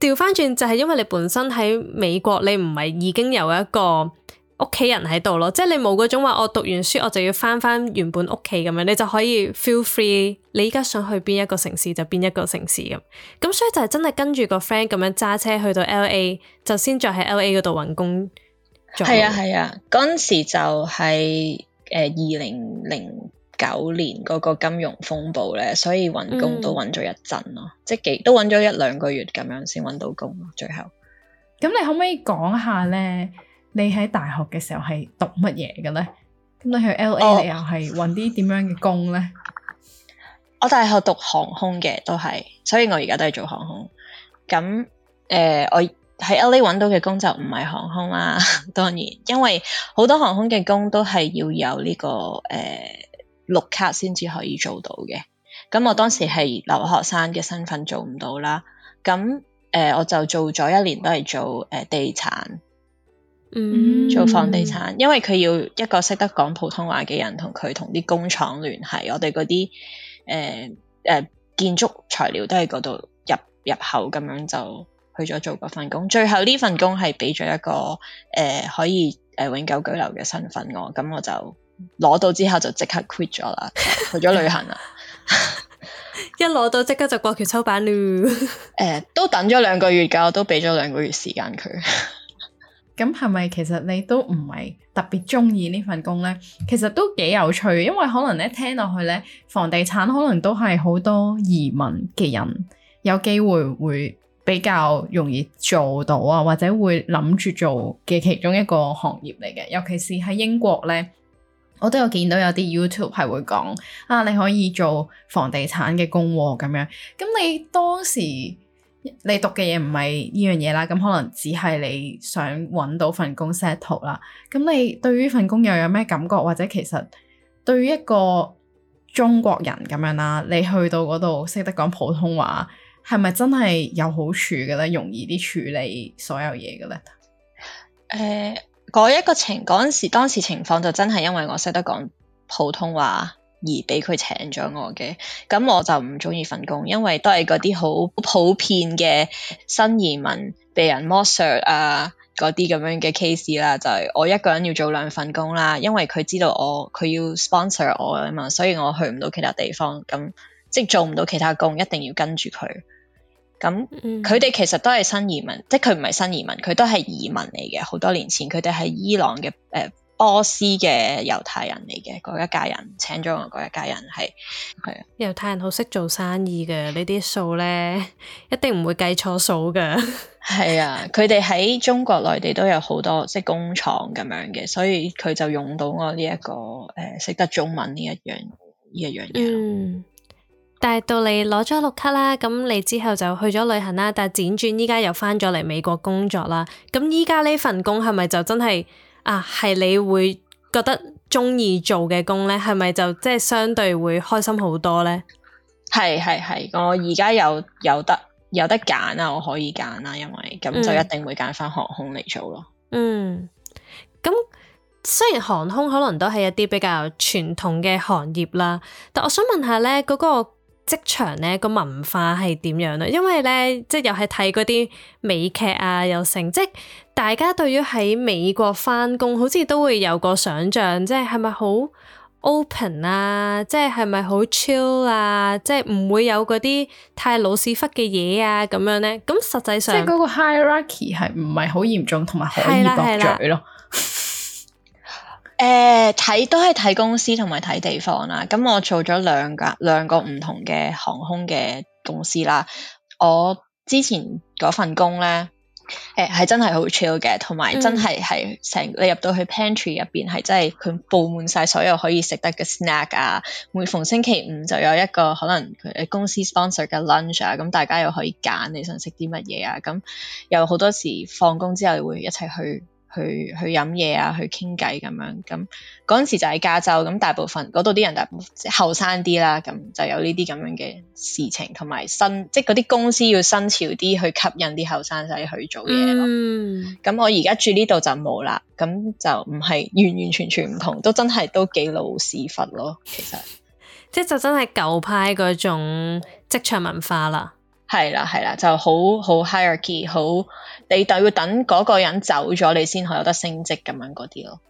調翻轉就係因為你本身喺美國，你唔係已經有一個。屋企人喺度咯，即係你冇嗰種話，我讀完書我就要翻翻原本屋企咁樣，你就可以 feel free，你依家想去邊一個城市就邊一個城市咁。咁所以就係真係跟住個 friend 咁樣揸車去到 LA，就先再喺 LA 嗰度揾工。係啊係啊，嗰陣、啊、時就係誒二零零九年嗰個金融風暴咧，所以揾工都揾咗一陣咯，嗯、即係都揾咗一兩個月咁樣先揾到工。最後，咁你可唔可以講下呢？你喺大學嘅時候係讀乜嘢嘅咧？咁你去 L A 你又係搵啲點樣嘅工咧？Oh. 我大學讀航空嘅，都係，所以我而家都係做航空。咁誒、呃，我喺 L A 搵到嘅工就唔係航空啦、啊，當然，因為好多航空嘅工都係要有呢、這個誒、呃、綠卡先至可以做到嘅。咁我當時係留學生嘅身份做唔到啦。咁誒、呃，我就做咗一年都係做誒、呃、地產。Mm hmm. 做房地產，因為佢要一個識得講普通話嘅人同佢同啲工廠聯繫，我哋嗰啲誒誒建築材料都喺嗰度入入口咁樣，就去咗做嗰份工。最後呢份工係俾咗一個誒、呃、可以誒、呃、永久居留嘅身份我，咁我就攞到之後就即刻 quit 咗啦， 去咗旅行啦。 一攞到即刻就過橋抽板了。誒、 呃，都等咗兩個月噶，我都俾咗兩個月時間佢。 咁係咪其實你都唔係特別中意呢份工呢？其實都幾有趣，因為可能咧聽落去呢，房地產可能都係好多移民嘅人有機會會比較容易做到啊，或者會諗住做嘅其中一個行業嚟嘅。尤其是喺英國呢，我都有見到有啲 YouTube 係會講啊，你可以做房地產嘅工喎咁樣。咁你當時？你讀嘅嘢唔係呢樣嘢啦，咁可能只係你想揾到份工 settle 啦。咁你對於份工又有咩感覺？或者其實對於一個中國人咁樣啦，你去到嗰度識得講普通話，係咪真係有好處嘅咧？容易啲處理所有嘢嘅咧？誒、呃，嗰一個情嗰陣時，當時情況就真係因為我識得講普通話。而俾佢請咗我嘅，咁我就唔中意份工，因為都係嗰啲好普遍嘅新移民被人剝削啊，嗰啲咁樣嘅 case 啦，就係我一個人要做兩份工啦，因為佢知道我佢要 sponsor 我啊嘛，所以我去唔到其他地方，咁即係做唔到其他工，一定要跟住佢。咁佢哋其實都係新移民，即係佢唔係新移民，佢都係移民嚟嘅。好多年前佢哋係伊朗嘅誒。呃波斯嘅猶太人嚟嘅嗰一家人，請咗我嗰一家人，係係啊！猶太人好識做生意嘅，呢啲數咧，一定唔會計錯數噶。係啊， 佢哋喺中國內地都有好多識工廠咁樣嘅，所以佢就用到我呢、這、一個誒識、呃、得中文呢一樣呢一樣嘢、嗯。但係到你攞咗六卡啦，咁你之後就去咗旅行啦，但係輾轉依家又翻咗嚟美國工作啦。咁依家呢份工係咪就真係？啊，係你會覺得中意做嘅工咧，係咪就即係相對會開心好多咧？係係係，我而家有有得有得揀啦，我可以揀啦，因為咁就一定會揀翻航空嚟做咯。嗯，咁、嗯、雖然航空可能都係一啲比較傳統嘅行業啦，但我想問下咧、那、嗰個。職場咧個文化係點樣咧？因為咧，即係又係睇嗰啲美劇啊，又成即係大家對於喺美國翻工，好似都會有個想像，即係係咪好 open 啊？即係係咪好 chill 啊？即係唔會有嗰啲太老屎忽嘅嘢啊咁樣咧？咁實際上，即係嗰個 hierarchy 係唔係好嚴重同埋可以駁嘴咯？誒睇、呃、都係睇公司同埋睇地方啦、啊。咁我做咗兩個兩個唔同嘅航空嘅公司啦。我之前嗰份工咧，誒、呃、係真係好 chill 嘅，同埋真係係成你入到去 pantry 入邊係真係佢佈滿晒所有可以食得嘅 snack 啊。每逢星期五就有一個可能佢公司 sponsor 嘅 lunch 啊，咁大家又可以揀你想食啲乜嘢啊。咁有好多時放工之後會一齊去。去去飲嘢啊，去傾偈咁樣，咁嗰陣時就喺加州，咁大部分嗰度啲人，大部後生啲啦，咁、啊、就有呢啲咁樣嘅事情，同埋新即係嗰啲公司要新潮啲去吸引啲後生仔去做嘢咯。咁、嗯嗯、我而家住呢度就冇啦，咁就唔係完完全全唔同，都真係都幾老屎忽咯，其實。即係就真係舊派嗰種職場文化啦。係啦係啦，就好好 hierarchy 好。你就要等嗰個人走咗，你先可以有得升職咁樣嗰啲咯。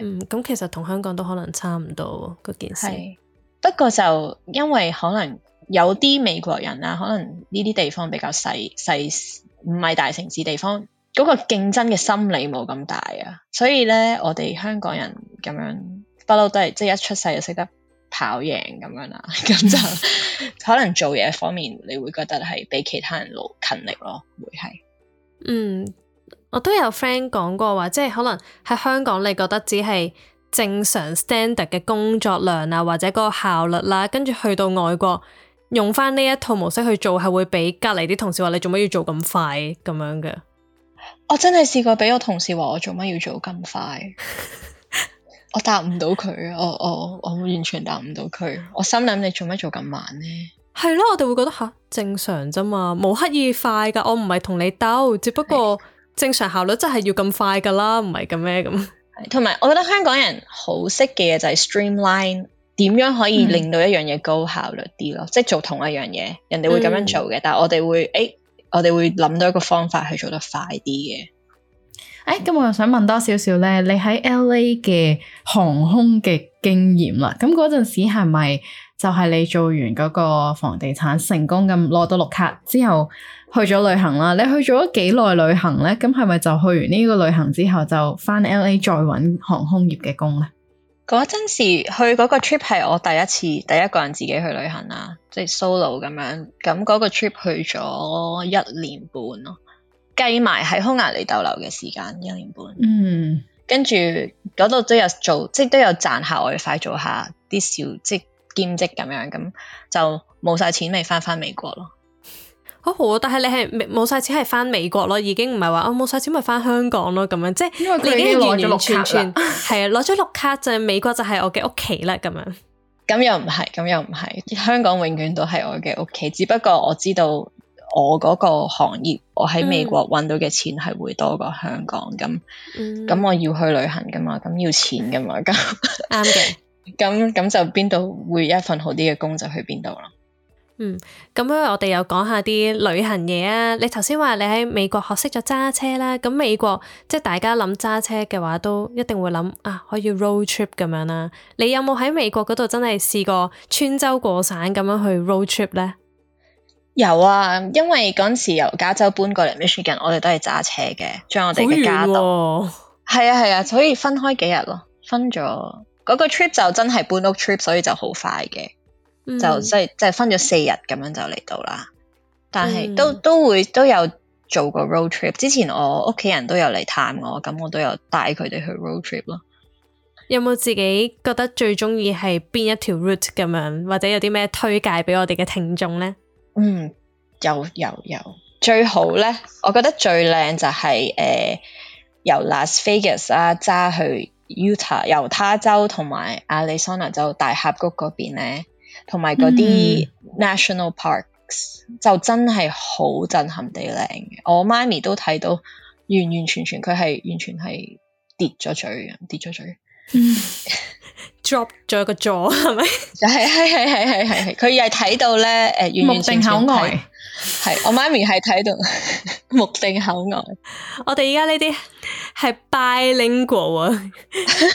嗯，咁其實同香港都可能差唔多嗰件事。係，不過就因為可能有啲美國人啊，可能呢啲地方比較細細，唔係大城市地方，嗰、那個競爭嘅心理冇咁大啊。所以咧，我哋香港人咁樣不嬲都係即係一出世就識得跑贏咁樣啦、啊。咁就 可能做嘢方面，你會覺得係比其他人勞勤力咯，會係。嗯，我都有 friend 講過話，即係可能喺香港你覺得只係正常 standard 嘅工作量啊，或者嗰個效率啦、啊，跟住去到外國用翻呢一套模式去做，係會俾隔籬啲同事話你做乜要做咁快咁樣嘅。我真係試過俾我同事話我做乜要做咁快， 我答唔到佢啊！我我我完全答唔到佢，我心諗你做乜做咁慢呢？係咯，我哋會覺得吓正常啫嘛，冇刻意快噶，我唔係同你鬥，只不過正常效率真係要咁快噶啦，唔係咁咩咁。同埋，我覺得香港人好識嘅嘢就係 streamline，點樣可以令到一樣嘢高效率啲咯，嗯、即係做同一樣嘢，人哋會咁樣做嘅，嗯、但係我哋會誒、欸，我哋會諗到一個方法去做得快啲嘅。誒、哎，咁我又想問多少少咧，你喺 LA 嘅航空嘅經驗啦，咁嗰陣時係咪？就係你做完嗰個房地產成功咁攞到綠卡之後去咗旅行啦。你去咗幾耐旅行咧？咁係咪就去完呢個旅行之後就翻 LA 再搵航空業嘅工咧？嗰陣時去嗰個 trip 係我第一次，第一個人自己去旅行啦，即係 solo 咁樣。咁嗰個 trip 去咗一年半咯，計埋喺匈牙利逗留嘅時間，一年半。嗯，跟住嗰度都有做，即係都有賺下外快做下，做下啲小即兼職咁樣，咁就冇晒錢，咪翻翻美國咯。好，但係你係冇晒錢係翻美國咯，已經唔係話啊，冇晒錢咪翻香港咯，咁樣即係因為你已經完完全全係啊，攞咗綠卡就係美國就係我嘅屋企啦，咁樣。咁又唔係，咁又唔係，香港永遠都係我嘅屋企。只不過我知道我嗰個行業，我喺美國揾到嘅錢係會多過香港咁。咁、嗯、我要去旅行噶嘛，咁要錢噶嘛，咁啱嘅。 咁咁就邊度會一份好啲嘅工就去邊度咯。嗯，咁咧我哋又講下啲旅行嘢啊。你頭先話你喺美國學識咗揸車啦。咁美國即係大家諗揸車嘅話，都一定會諗啊，可以 road trip 咁樣啦。你有冇喺美國嗰度真係試過穿州過省咁樣去 road trip 咧？有啊，因為嗰陣時由加州搬過嚟 Michigan，我哋都係揸車嘅，將我哋嘅家度。係啊係啊，所以分開幾日咯，分咗。嗰個 trip 就真係搬屋 trip，所以就好快嘅、嗯，就即即係分咗四日咁樣就嚟到啦。但係、嗯、都都會都有做過 road trip。之前我屋企人都有嚟探我，咁我都有帶佢哋去 road trip 咯。有冇自己覺得最中意係邊一條 route 咁樣，或者有啲咩推介俾我哋嘅聽眾呢？嗯，有有有，最好呢，我覺得最靚就係、是、誒、呃、由 Las Vegas 啦、啊、揸去，Utah 猶他州同埋亞利桑那州大峽谷嗰邊咧，同埋嗰啲 national parks 就真係好震撼地靚嘅。我媽咪都睇到，完完全全佢係完全係跌咗嘴嘅，跌咗嘴，drop 咗個 jaw，a 係咪？就係係係係係係係，佢又睇到咧，誒，目定口呆。係 我媽咪係睇到目定口呆，我哋而家呢啲係 bilingual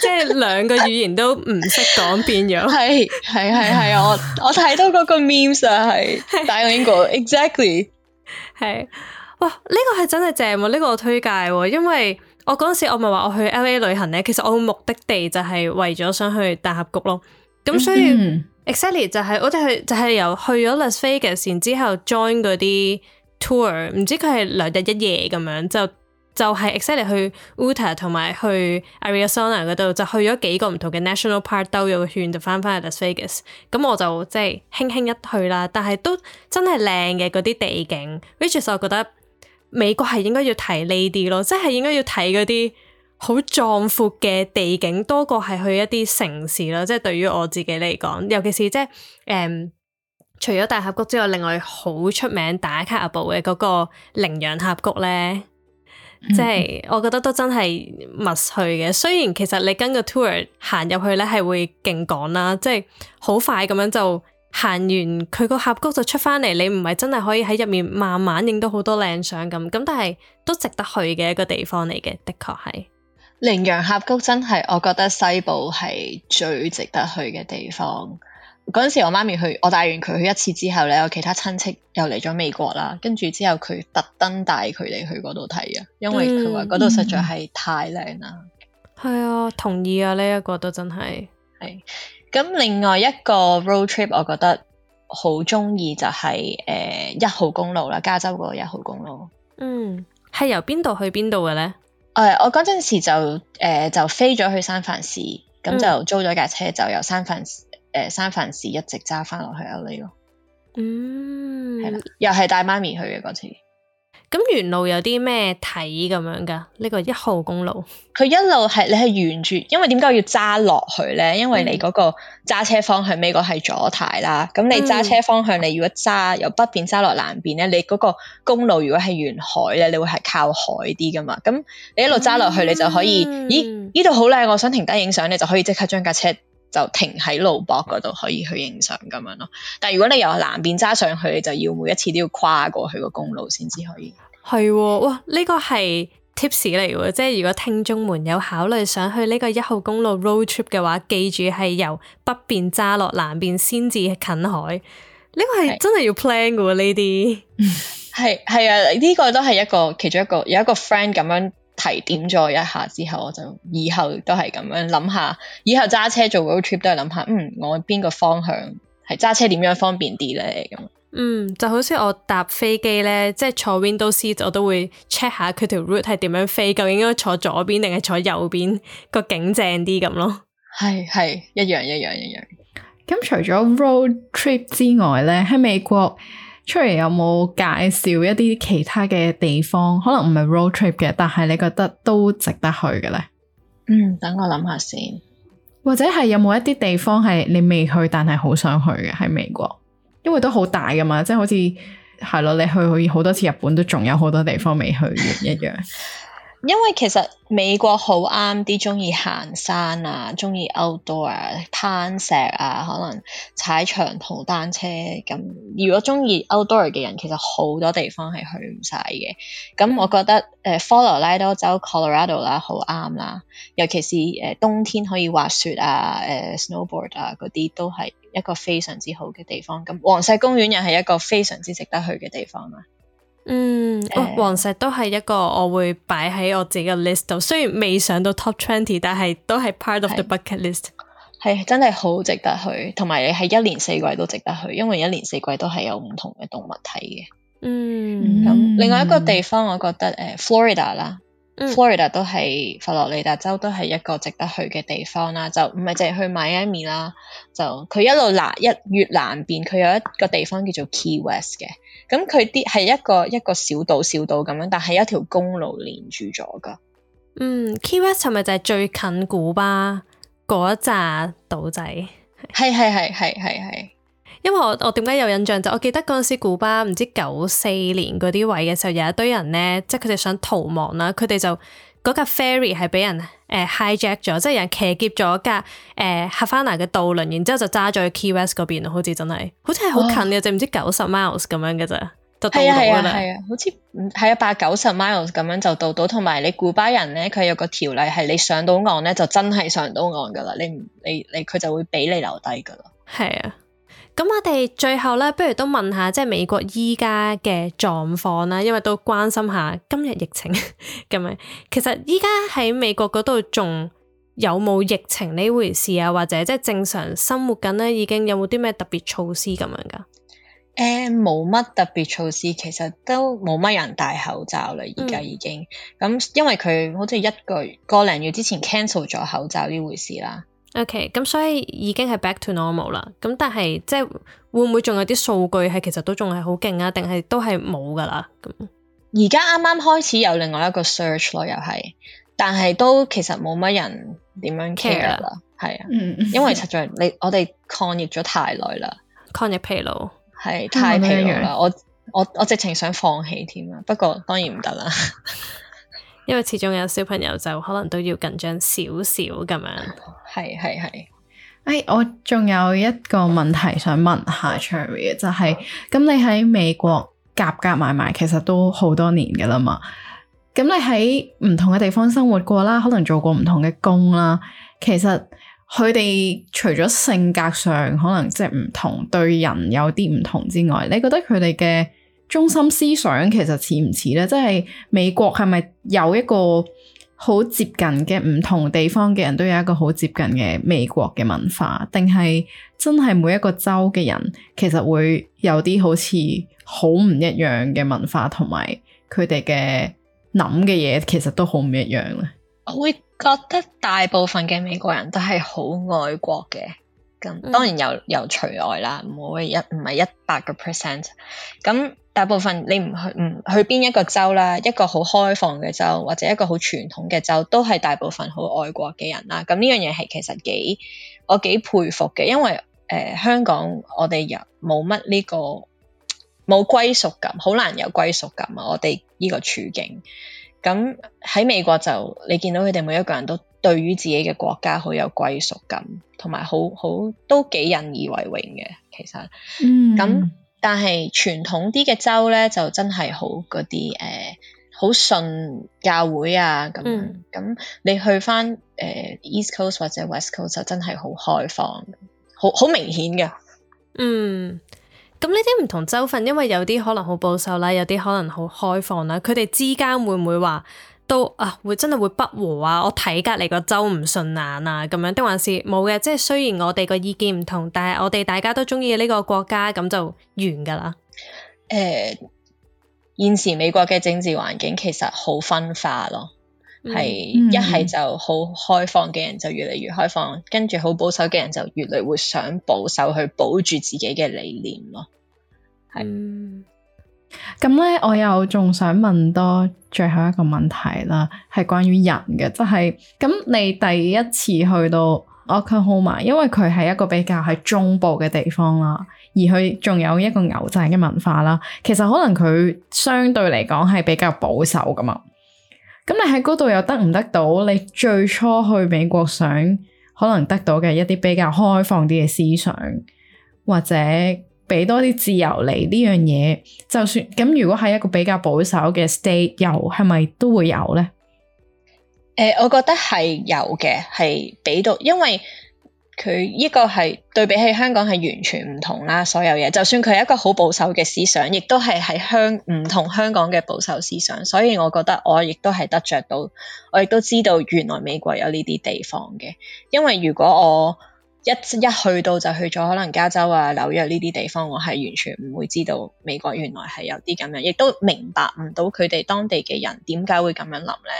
即 係兩個語言都唔識講變樣。係係係係啊，我我睇到嗰個 memes 係 bilingual exactly 係哇，呢、這個係真係正喎，呢、這個我推介，因為我嗰陣時我咪話我去 L A 旅行咧，其實我嘅目的地就係為咗想去大峽谷咯，咁所以。 Excel 就係、是、我哋係就係、是、由去咗 Las Vegas，然之後 join 嗰啲 tour，唔知佢係兩日一夜咁樣，就就係、是、Excel 去 Utah 同埋去 Arizona 嗰度，就去咗幾個唔同嘅 national park 兜咗個圈，就翻翻去 Las Vegas。咁我就即係輕輕一去啦，但係都真係靚嘅嗰啲地景。which 其實我覺得美國係應該要睇呢啲咯，即、就、係、是、應該要睇嗰啲。好壯闊嘅地景多過係去一啲城市啦，即係對於我自己嚟講，尤其是即係誒，除咗大峽谷之外，另外好出名打卡阿 b 嘅嗰個羚羊峽谷呢，嗯、即係我覺得都真係密去嘅。雖然其實你跟個 tour 行入去呢係會勁趕啦，即係好快咁樣就行完佢個峽谷就出翻嚟，你唔係真係可以喺入面慢慢影到多好多靚相咁。咁但係都值得去嘅一個地方嚟嘅，的確係。羚羊峽谷真係，我覺得西部係最值得去嘅地方。嗰陣時我媽咪去，我帶完佢去一次之後咧，我其他親戚又嚟咗美國啦，跟住之後佢特登帶佢哋去嗰度睇啊，因為佢話嗰度實在係太靚啦。係、嗯嗯、啊，同意啊，呢、這、一個都真係。係，咁另外一個 road trip，我覺得好中意就係誒一號公路啦，加州嗰個一號公路。公路嗯，係由邊度去邊度嘅咧？誒，我嗰陣時就誒就飛咗去三藩市，咁、hmm. 就租咗架車，就由三藩市誒三藩市一直揸翻落去歐美咯。嗯，係啦，又係帶媽咪去嘅嗰次。咁沿路有啲咩睇咁樣噶？呢、這個一號公路，佢一路係你係沿住，因為點解要揸落去咧？因為你嗰個揸車方向，呢個係左軚，啦。咁你揸車方向，你如果揸由北邊揸落南邊咧，你嗰個公路如果係沿海咧，你會係靠海啲噶嘛？咁你一路揸落去，你就可以，嗯、咦？呢度好靚，我想停低影相，你就可以即刻將架車。就停喺路博嗰度，可以去影相咁樣咯。但係如果你由南邊揸上去，你就要每一次都要跨過去個公路先至可以。係 哇！呢個係 tips 嚟喎，即係如果聽眾們有考慮想去呢個一號公路 road trip 嘅話，記住係由北邊揸落南邊先至近海。呢個係真係要 plan 嘅，呢啲係係啊，呢個都係一個其中一個有一個 friend 咁樣。提點咗一下之後，我就以後都係咁樣諗下，以後揸車做 road trip 都係諗下，嗯，我邊個方向係揸車點樣方便啲咧咁。嗯，就好似我搭飛機咧，即係坐 window seat 我都會 check 下佢條 route 係點樣飛，究竟應該坐左邊定係坐右邊，個景正啲咁咯。係係一樣一樣一樣。咁除咗 road trip 之外咧，喺美國。出嚟有冇介紹一啲其他嘅地方？可能唔係 road trip 嘅，但係你覺得都值得去嘅呢。嗯，等我諗下先。或者係有冇一啲地方係你未去，但係好想去嘅喺美國？因為都好大噶嘛，即係好似係咯，你去去好多次日本都仲有好多地方未去完一樣。 因為其實美國好啱啲中意行山啊，中意 outdoor 攀石啊，可能踩長途單車咁、嗯。如果中意 outdoor 嘅人，其實好多地方係去唔晒嘅。咁、嗯嗯、我覺得誒、呃、科羅拉多州 Colorado 啦，好啱啦。尤其是誒、呃、冬天可以滑雪啊、誒、呃、snowboard 啊嗰啲，都係一個非常之好嘅地方。咁黃石公園又係一個非常之值得去嘅地方啊。嗯，哦、黃石都係一個我會擺喺我自己嘅 list 度，雖然未上到 top twenty，但係都係 part of the bucket list。係真係好值得去，同埋你係一年四季都值得去，因為一年四季都係有唔同嘅動物睇嘅。嗯，咁另外一個地方，我覺得誒、嗯 uh, Florida 啦，Florida 都係、嗯、佛羅里達州都係一個值得去嘅地方啦，就唔係淨係去 Miami 啦，就佢一路南一越南邊，佢有一個地方叫做 Key West 嘅。咁佢啲係一個一個小島小島咁樣，但係一條公路連住咗噶。嗯，Key West 係咪就係最近古巴嗰扎島仔？係係係係係係。因為我我點解有印象就，我記得嗰陣時古巴唔知九四年嗰啲位嘅時候，有一堆人呢，即係佢哋想逃亡啦，佢哋就嗰架 ferry 係俾人。誒、uh, hijack 咗，即係有人騎劫咗架誒哈瓦那嘅渡輪，然之後就揸咗去 Key West 嗰邊咯，好似真係，好似係好近嘅啫，唔、哦、知九十 miles 咁樣嘅咋，就到到啦。啊係啊，啊，好似係一百、啊、九十 miles 咁樣就到到，同埋你古巴人咧，佢有個條例係你上到岸咧，就真係上到岸噶啦，你唔你你佢就會俾你留低噶啦。係啊。咁我哋最後咧，不如都問下，即係美國依家嘅狀況啦，因為都關心下今日疫情咁樣。 其實依家喺美國嗰度仲有冇疫情呢回事啊？或者即係正常生活緊咧，已經有冇啲咩特別措施咁樣噶？誒、呃，冇乜特別措施，其實都冇乜人戴口罩啦。而家已經咁，嗯、因為佢好似一個月個零月之前 cancel 咗口罩呢回事啦。O.K. 咁所以已經係 back to normal 啦。咁但係即係會唔會仲有啲數據係其實都仲係好勁啊？定係都係冇噶啦。咁而家啱啱開始有另外一個 search 咯，又係，但係都其實冇乜人點樣 care 啦。係 Care 啊，嗯、因為實在你我哋抗疫咗太耐啦，抗疫疲勞係太疲勞啦。我我我直情想放棄添啊。不過當然唔得啦。 因為始終有小朋友就可能都要緊張少少咁樣，係係係。誒、 哎，我仲有一個問題想問下 Cherry，就係、是、咁你喺美國夾夾埋埋，其實都好多年噶啦嘛。咁你喺唔同嘅地方生活過啦，可能做過唔同嘅工啦。其實佢哋除咗性格上可能即係唔同，對人有啲唔同之外，你覺得佢哋嘅？中心思想其實似唔似咧？即係美國係咪有一個好接近嘅唔同地方嘅人都有一個好接近嘅美國嘅文化？定係真係每一個州嘅人其實會有啲好似好唔一樣嘅文化，同埋佢哋嘅諗嘅嘢，其實都好唔一樣咧。我會覺得大部分嘅美國人都係好愛國嘅，咁當然又有，有除外啦，唔會一，唔係一百個 percent 咁。大部分你唔去唔去邊一個州啦，一個好開放嘅州或者一個好傳統嘅州，都係大部分好愛國嘅人啦。咁、嗯、呢樣嘢係其實幾我幾佩服嘅，因為誒、呃、香港我哋又冇乜呢個冇歸屬感，好難有歸屬感啊！我哋呢個處境咁喺美國就你見到佢哋每一個人都對於自己嘅國家好有歸屬感，同埋好好都幾引以為榮嘅。其實，嗯咁。嗯嗯嗯但係傳統啲嘅州咧，就真係好嗰啲誒，好信、呃、教會啊咁。咁、嗯、你去翻誒 East Coast 或者 West Coast 就真係好開放，好好明顯嘅。嗯，咁呢啲唔同州份，因為有啲可能好保守啦，有啲可能好開放啦，佢哋之間會唔會話？都啊，會真係會不和啊？我睇隔籬個州唔順眼啊，咁樣的還是冇嘅？即係雖然我哋個意見唔同，但係我哋大家都中意呢個國家，咁就完噶啦。誒、呃，現時美國嘅政治環境其實好分化咯，係、嗯嗯嗯、一係就好開放嘅人就越嚟越開放，跟住好保守嘅人就越嚟會想保守去保住自己嘅理念咯。係。嗯咁咧，我又仲想問多最後一個問題啦，係關於人嘅，就係咁你第一次去到奧克拉荷馬，因為佢係一個比較係中部嘅地方啦，而佢仲有一個牛仔嘅文化啦，其實可能佢相對嚟講係比較保守噶嘛。咁你喺嗰度又得唔得到你最初去美國想可能得到嘅一啲比較開放啲嘅思想或者？俾多啲自由嚟呢樣嘢，就算咁，如果係一個比較保守嘅 state 有，係咪都會有呢？誒、呃，我覺得係有嘅，係俾到，因為佢呢個係對比起香港係完全唔同啦，所有嘢，就算佢係一個好保守嘅思想，亦都係喺香唔同香港嘅保守思想，所以我覺得我亦都係得着到，我亦都知道原來美國有呢啲地方嘅，因為如果我。一一去到就去咗，可能加州啊、紐約呢啲地方，我係完全唔會知道美國原來係有啲咁樣，亦都明白唔到佢哋當地嘅人點解會咁樣諗咧。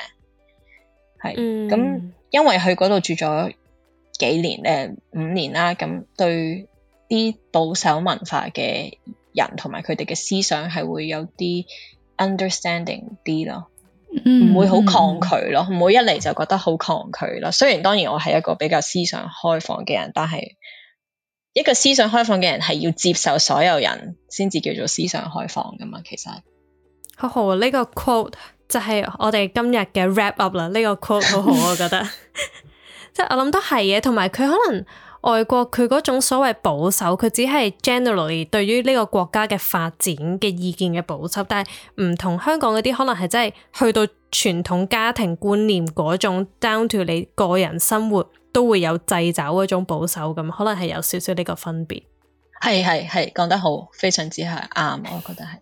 係，咁、嗯嗯、因為去嗰度住咗幾年，誒、呃、五年啦，咁對啲保守文化嘅人同埋佢哋嘅思想係會有啲 understanding 啲咯。唔、嗯、唔會好抗拒咯，唔會一嚟就覺得好抗拒咯。雖然當然我係一個比較思想開放嘅人，但係一個思想開放嘅人係要接受所有人先至叫做思想開放噶嘛。其實好好，呢個 quote 就係我哋今日嘅 wrap up 啦。呢個 quote 好好，我覺得即係 我諗都係嘅，同埋佢可能。外國佢嗰種所謂保守，佢只係 generally 對於呢個國家嘅發展嘅意見嘅保守，但係唔同香港嗰啲可能係真係去到傳統家庭觀念嗰種 down to 你個人生活都會有掣肘嗰種保守咁，可能係有少少呢個分別。係係係，講得好，非常之係啱，我覺得係。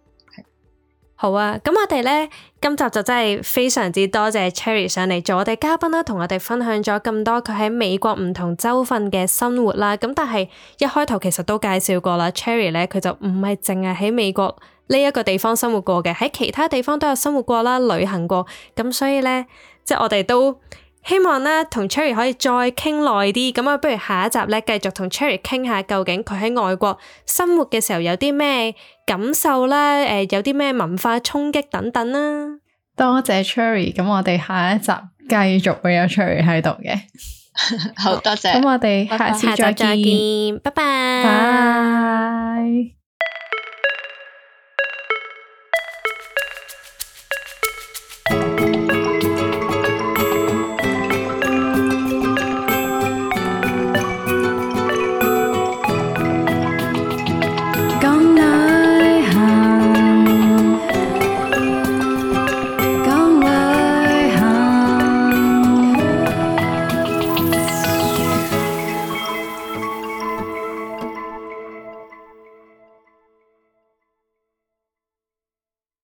好啊，咁我哋呢，今集就真係非常之多謝 Cherry 上嚟做我哋嘉賓啦，同我哋分享咗咁多佢喺美國唔同州份嘅生活啦。咁但係一開頭其實都介紹過啦 ，Cherry 呢，佢就唔係淨係喺美國呢一個地方生活過嘅，喺其他地方都有生活過啦，旅行過。咁所以呢，即係我哋都希望呢，同 Cherry 可以再傾耐啲。咁啊，不如下一集呢，繼續同 Cherry 傾下究竟佢喺外國生活嘅時候有啲咩感受啦，誒，有啲咩文化衝擊等等啦。多謝 Cherry，咁我哋下一集繼續會有 Cherry 喺度嘅。 好多謝，咁我哋下次再見，拜拜。Bye bye